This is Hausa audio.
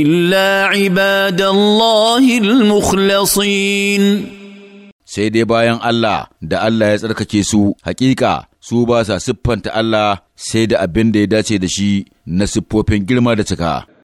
إلا عباد الله المخلصين sai dai bayan Allah da Allah ya tsarkake su hakika su ba sa siffanta Allah sai da abin da ya dace da shi na siffofin girma da cika.